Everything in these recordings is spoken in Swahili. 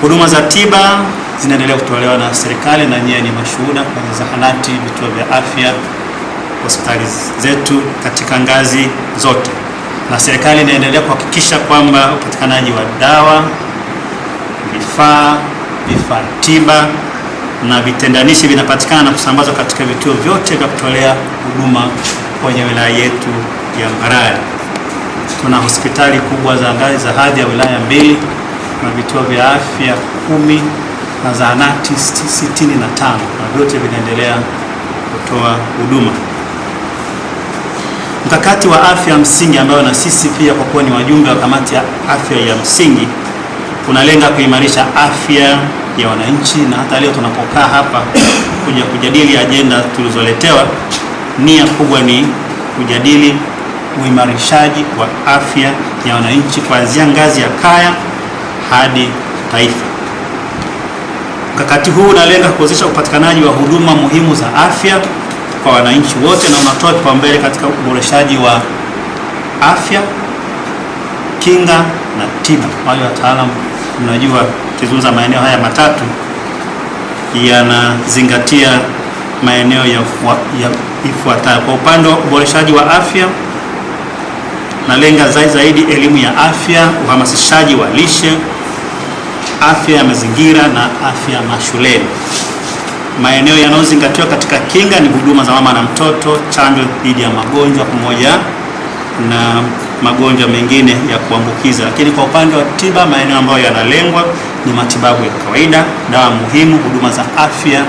Huduma za tiba zinaendelea kutolewa na serikali na nyie ni mashuhuda kwenye zahanati, vituo vya afya, hospitali zetu katika ngazi zote, na serikali inaendelea kuhakikisha kwamba upatikanaji wa dawa, vifaa, vifaa tiba na vitendanishi vinapatikana na kusambazwa katika vituo vyote vya kutolea huduma kwenye wilaya yetu ya Mbarali. Tuna hospitali kubwa za ngazi za hadhi ya wilaya mbili na vituo vya afya kumi na zahanati sitini na tano na vyote vinaendelea kutoa huduma. Mkakati wa afya ya msingi ambayo na sisi pia kwa kuwa ni wajumbe wa kamati ya afya ya msingi unalenga kuimarisha afya ya wananchi, na hata leo tunapokaa hapa kuja kujadili ajenda tulizoletewa, nia kubwa ni kujadili uimarishaji wa afya ya wananchi kuanzia ngazi ya kaya hadi taifa. Mkakati huu unalenga kuwezesha upatikanaji wa huduma muhimu za afya kwa wananchi wote na unatoa kipaumbele katika uboreshaji wa afya, kinga na tiba. Wale wataalamu mnajua kizungumza maeneo haya matatu yanazingatia maeneo ya ifuatayo. Kwa upande wa uboreshaji wa afya nalenga zaidi zaidi elimu ya afya, uhamasishaji wa lishe, afya ya mazingira na afya mashuleni. Maeneo yanayozingatiwa katika kinga ni huduma za mama na mtoto, chanjo dhidi ya magonjwa pamoja na magonjwa mengine ya kuambukiza. Lakini kwa upande wa tiba, maeneo ambayo yanalengwa ni matibabu ya kawaida, dawa muhimu, huduma za afya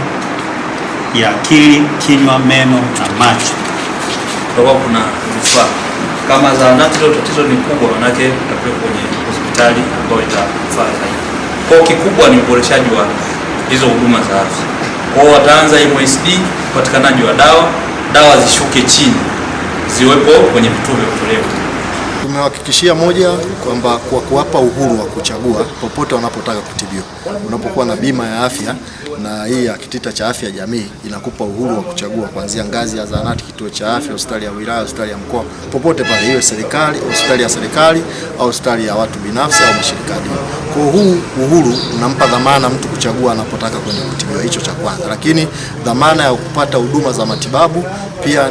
ya akili, kinywa, meno na macho. Kuna vifaa kama zahanati hilo tatizo ni kubwa, manake utakuwa kwenye hospitali ambayo itafaa zaidi. Kwa kikubwa ni uboreshaji wa hizo huduma za afya. Kwa wataanza MSD, upatikanaji wa dawa, dawa zishuke chini, ziwepo kwenye vituo vya kutolea Tumewahakikishia moja kwamba kwa kuwapa uhuru wa kuchagua popote wanapotaka kutibiwa, unapokuwa na bima ya afya na hii ya kitita cha afya jamii inakupa uhuru wa kuchagua kuanzia ngazi ya zahanati, kituo cha afya, hospitali ya wilaya, hospitali ya mkoa, popote pale, iwe serikali, hospitali ya serikali au hospitali ya watu binafsi au mashirika ya Kwa huu uhuru unampa dhamana mtu kuchagua anapotaka kwenda kutibiwa, hicho cha kwanza. Lakini dhamana ya kupata huduma za matibabu pia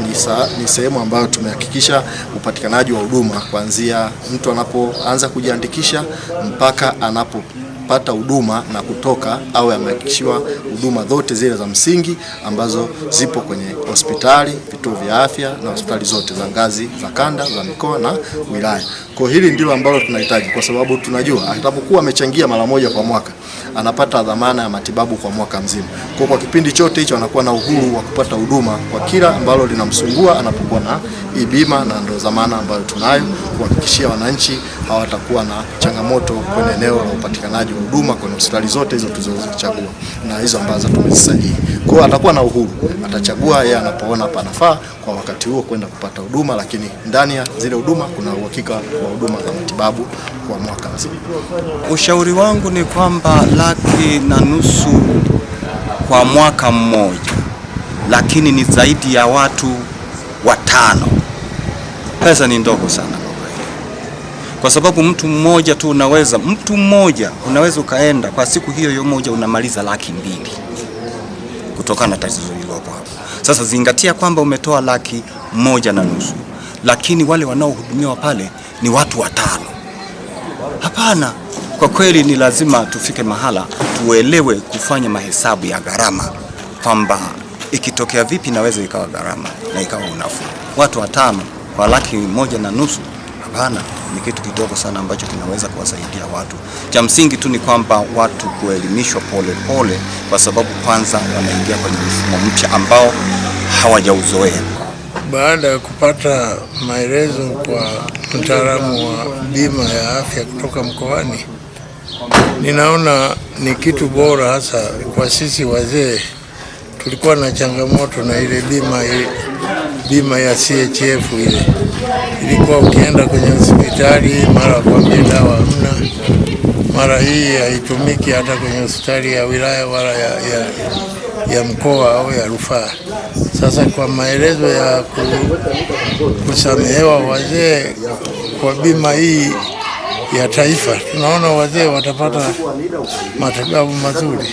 ni sehemu ambayo tumehakikisha upatikanaji wa huduma kuanzia mtu anapoanza kujiandikisha mpaka anapo kupata huduma na kutoka, au amehakikishiwa huduma zote zile za msingi ambazo zipo kwenye hospitali, vituo vya afya na hospitali zote za ngazi za kanda, za mikoa na wilaya. Kwa hili ndilo ambalo tunahitaji, kwa sababu tunajua atakapokuwa amechangia mara moja kwa mwaka anapata dhamana ya matibabu kwa mwaka mzima. Kwa kwa kipindi chote hicho anakuwa na uhuru wa kupata huduma kwa kila ambalo linamsumbua anapokuwa na ibima na ndio dhamana ambayo tunayo kuhakikishia wananchi hawatakuwa na changamoto kwenye eneo la upatikanaji wa huduma kwenye hospitali zote hizo tulizochagua na hizo ambazo tumezisajili. Kwa hiyo atakuwa na uhuru atachagua yeye anapoona panafaa kwa wakati huo kwenda kupata huduma, lakini ndani ya zile huduma kuna uhakika wa huduma za matibabu kwa mwaka mzima. Ushauri wangu ni kwamba laki na nusu kwa mwaka mmoja, lakini ni zaidi ya watu watano. Pesa ni ndogo sana kwa sababu mtu mmoja tu unaweza, mtu mmoja unaweza ukaenda kwa siku hiyo hiyo moja unamaliza laki mbili kutokana na tatizo lililopo hapo. Sasa zingatia kwamba umetoa laki moja na nusu, lakini wale wanaohudumiwa pale ni watu watano. Hapana, kwa kweli ni lazima tufike mahala tuelewe kufanya mahesabu ya gharama kwamba ikitokea vipi naweza ikawa gharama na ikawa unafuu. Watu watano kwa laki moja na nusu kupambana ni kitu kidogo sana ambacho kinaweza kuwasaidia watu. Cha msingi tu ni kwamba watu kuelimishwa polepole, kwa sababu kwanza wanaingia kwenye mfumo mpya ambao hawajauzoea. Baada ya kupata maelezo kwa mtaalamu wa bima ya afya kutoka mkoani, ninaona ni kitu bora, hasa kwa sisi wazee. Tulikuwa na changamoto na ile bima, bima ya CHF ile Ilikuwa ukienda kwenye hospitali mara kwambie dawa hamna. Mara hii haitumiki hata kwenye hospitali ya wilaya wala ya, ya, ya mkoa au ya rufaa. Sasa kwa maelezo ya ku, kusamehewa wazee kwa bima hii ya taifa, tunaona wazee watapata matibabu mazuri.